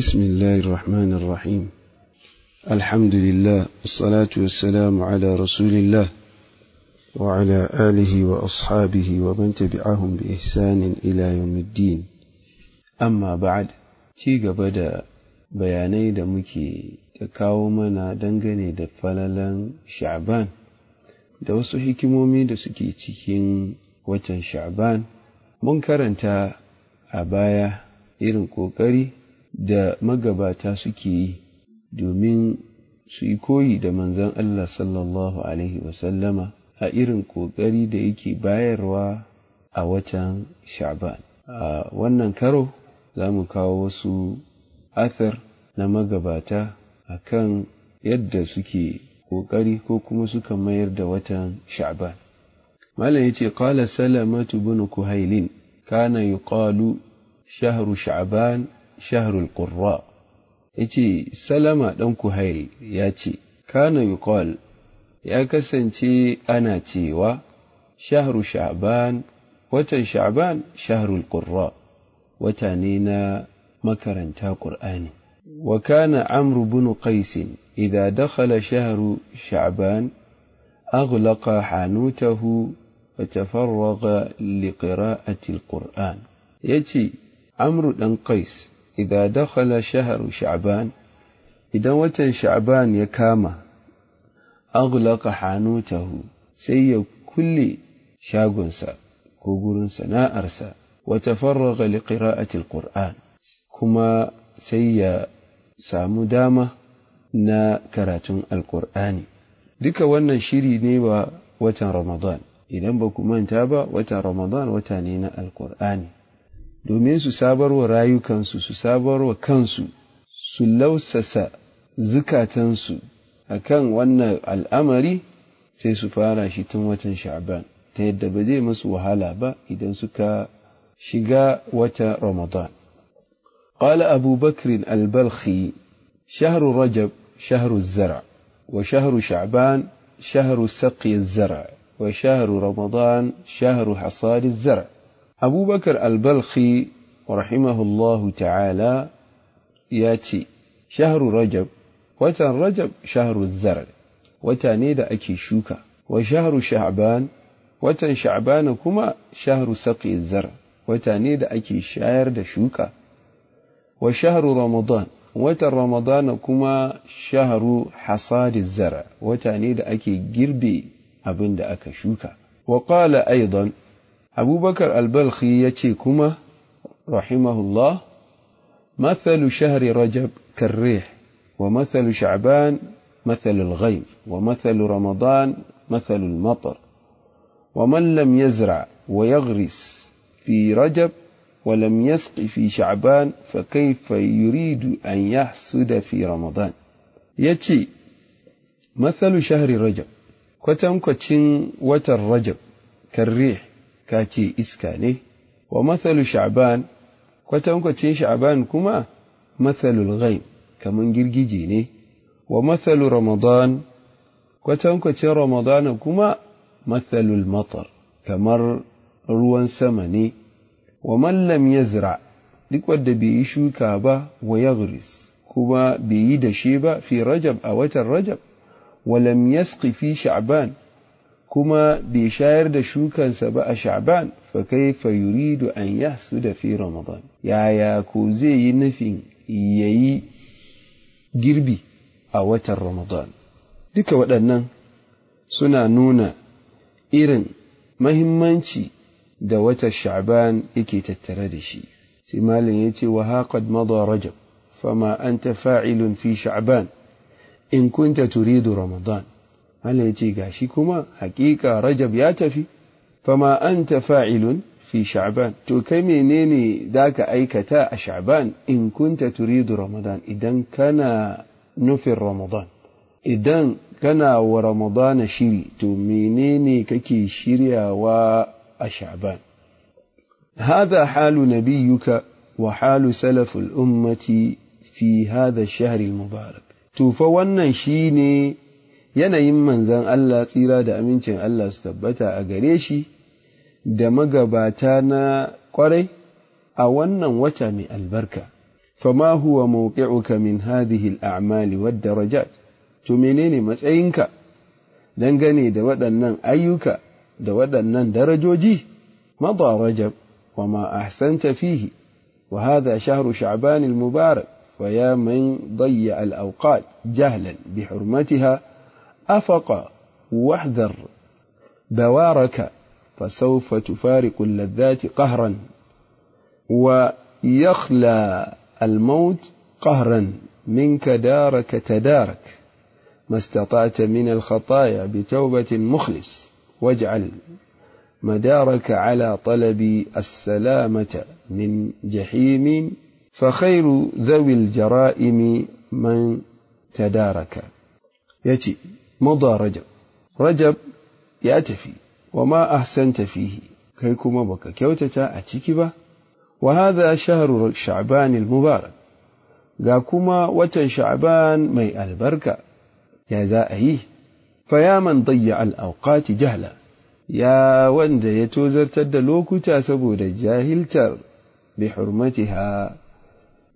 بسم الله الرحمن الرحيم الحمد لله والصلاة والسلام على رسول الله وعلى آله وأصحابه ومن تبعهم بإحسان إلى يوم الدين أما بعد تيجا بدا بياني دا مكي تكاومنا دنغني دا فللن شعبان da wasu hikimomi da suke cikin watan sha'ban mun karanta a baya irin ƙoƙari da magabata suke yi domin su yi koyi da manzon Allah sallallahu Alaihi wasallama a irin ƙoƙari da yake bayarwa a watan Sha'ban. A wannan karo za mu kawo wasu athar na magabata a kan yadda suke ƙoƙari ko kuma suka mayar da watan Sha'ban. Malam ya ce, Kala Salamatu bin Kuhailin, kana yuqalu shahru Sha'ban شهر القراء يجي سلامة دنكو هيل ياتي كان يقال يا كسنتي أنا تيوا شهر شعبان وتن شعبان شهر القراء وتانينا مكرن تا قرآني وكان عمرو بن قيس إذا دخل شهر شعبان أغلق حانوته وتفرغ لقراءة القرآن يتي عمرو بن قيس إذا دخل شهر شعبان إذا وتن شعبان يكاما أغلق حانوته سي كل شاغنسا كوغرن سناء أرسا وتفرغ لقراءة القرآن كما سي سامدامة نا كراتون القرآن ديك وانا شيري نيوا وتن رمضان إذا بكم أنتابا وتن رمضان وتانينا القرآن domin su sabarwa rayukansu su sabarwa kansu su lausasa zukatansu a kan wannan al'amari sai su fara shi tun watan sha'ban ta yadda ba zai masu wahala ba idan suka shiga wata ramadan قال أبو بكر البلخي شهر رجب شهر الزرع وشهر شعبان شهر سقي الزرع وشهر رمضان شهر حصاد الزرع أبو بكر البلخي رحمه الله تعالى ياتي شهر رجب watan rajab shahru zar wata ne da ake shuka wa shahru sha'ban watan sha'bana kuma shahru saqi zar wata ne da ake shayar da shuka wa shahru ramadan watan ramadana kuma shahru hasadi zar wata ne da ake girbe abin da aka shuka wa qala aidan abubakar albalkhi ya ce kuma rahimahullah mathalu shahri rajab karrih wa mathalu sha'ban mathalul ghaib wa mathalu ramadan mathalul matar ومن لم يزرع ويغرس في رجب ولم يسق في شعبان فكيف يريد أن يحسد في رمضان يتي مثل شهر رجب كتم كتشن وتر رجب كالريح ka ce iska ne wa mathalu sha'ban kwatankwacin sha'ban kuma mathalul ghaib kaman girgije ne wa mathalu ramadan kwatankwacin ramadana kuma mathalul matar kamar ruwan sama ne wa mallam yazra duk wanda bai yi shuka ba wa yagris kuma bai yi dashe ba fi rajab a watan rajab wa lam yasqi fi sha'ban kuma bai shayar da shukansa ba a sha'ban fa kaifa yuridu an da fi ramadan yaya ko zai yi nufin yayi girbi a watan ramadan duka waɗannan suna nuna irin mahimmanci da watan sha'ban yake tattare da shi sai malin ya ce wa haqad mada rajab fama anta fa'ilun fi sha'ban in kunta turidu ramadan Allah ya ce gashi kuma haƙiƙa Rajab ya tafi fama an fa'ilun fi sha'ban to kai menene zaka aikata a sha'ban in kunta turidu ramadan idan kana nufin ramadan idan kana wa ramadan shiri to menene kake shiryawa a sha'ban هذا حال نبيك وحال salaful ummati fi هذا الشهر mubarak to fa wannan shi ne yanayin manzan Allah tsira da amincin Allah su tabbata a gare shi da magabata na ƙwarai a wannan wata mai albarka. Fama huwa mawqi'uka min hadhihi al'amali wad darajat to menene matsayinka dangane da waɗannan ayyuka da waɗannan darajoji mada rajab wa ma ahsanta fihi wa hadha shahru sha'ban al-mubarak wa ya man dayya al-awqat jahlan bi hurmatiha أفق واحذر بوارك فسوف تفارق اللذات قهرا ويخلى الموت قهرا منك دارك تدارك ما استطعت من الخطايا بتوبة مخلص واجعل مدارك على طلب السلامة من جحيم فخير ذوي الجرائم من تدارك يتي مضى رجب رجب يأتفي وما أحسنت فيه كيكما بك كيوتتا أتيكبا وهذا شهر شعبان المبارك غاكما وتا شعبان مي البركة يا ذا أيه فيا من ضيع الأوقات جهلا يا وند يتوزر تدلوك تاسبود جاهلتر بحرمتها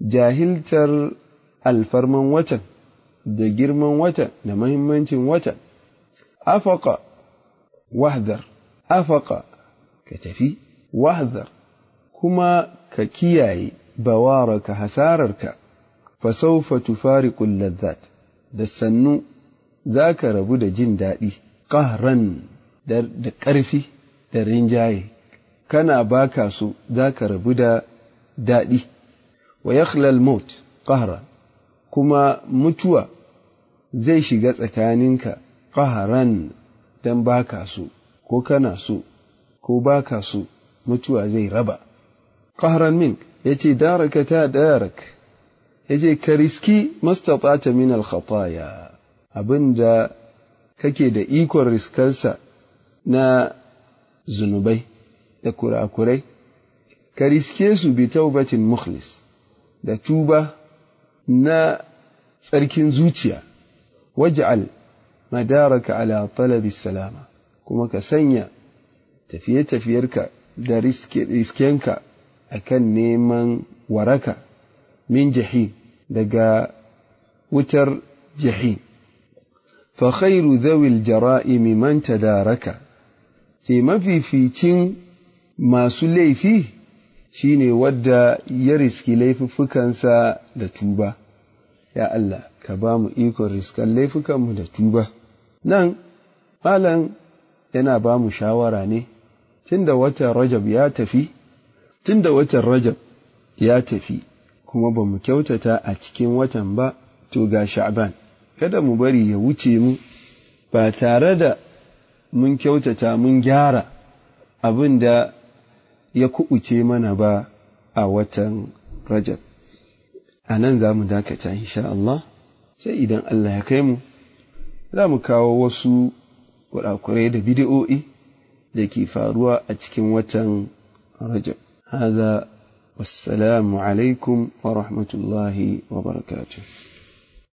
جاهلتر الفرمن وتن da girman wata da mahimmancin wata afaka wahdar afaka ka tafi wahdar kuma ka kiyaye bawaraka hasararka fasaufa tufariqul ladzat da sannu za ka rabu da jin daɗi ƙahran da ƙarfi da rinjaye kana baka su za ka rabu da daɗi wa yakhlal maut ƙahran kuma mutuwa zai shiga tsakaninka ƙaharan don ba ka so, ko kana so, ko ba ka so, mutuwa zai raba. Ƙaharan min ya ce, Daraka ta darak, ya ce, Ka riski ta min alkhataya abin da kake da ikon riskansa na zunubai da kurakurai, ka riske su bi taubatin mukhlis da tuba na tsarkin zuciya waj'al madaraka ala talabi salama kuma ka sanya tafiye-tafiyarka da riskenka kan neman waraka min jahim daga wutar jahim fa khairu jara'imi man tadaraka ce mafificin masu laifi shine wadda ya riski laifuffukansa da tuba ya Allah ka ba mu ikon riskan laifukanmu da tuba nan malam yana ba mu shawara ne tunda watan rajab ya tafi tunda watan rajab ya tafi kuma ba mu kyautata a cikin watan ba to ga sha'ban kada mu bari ya wuce mu ba tare da mun kyautata mun gyara abin da ya kuɓuce mana ba a watan rajab a nan za mu dakata insha Allah sai idan Allah ya kai mu za mu kawo wasu kurakurai da bidi'o'i da ke faruwa a cikin watan Rajab. Haza wassalamu alaikum wa rahmatullahi wa barakatuh.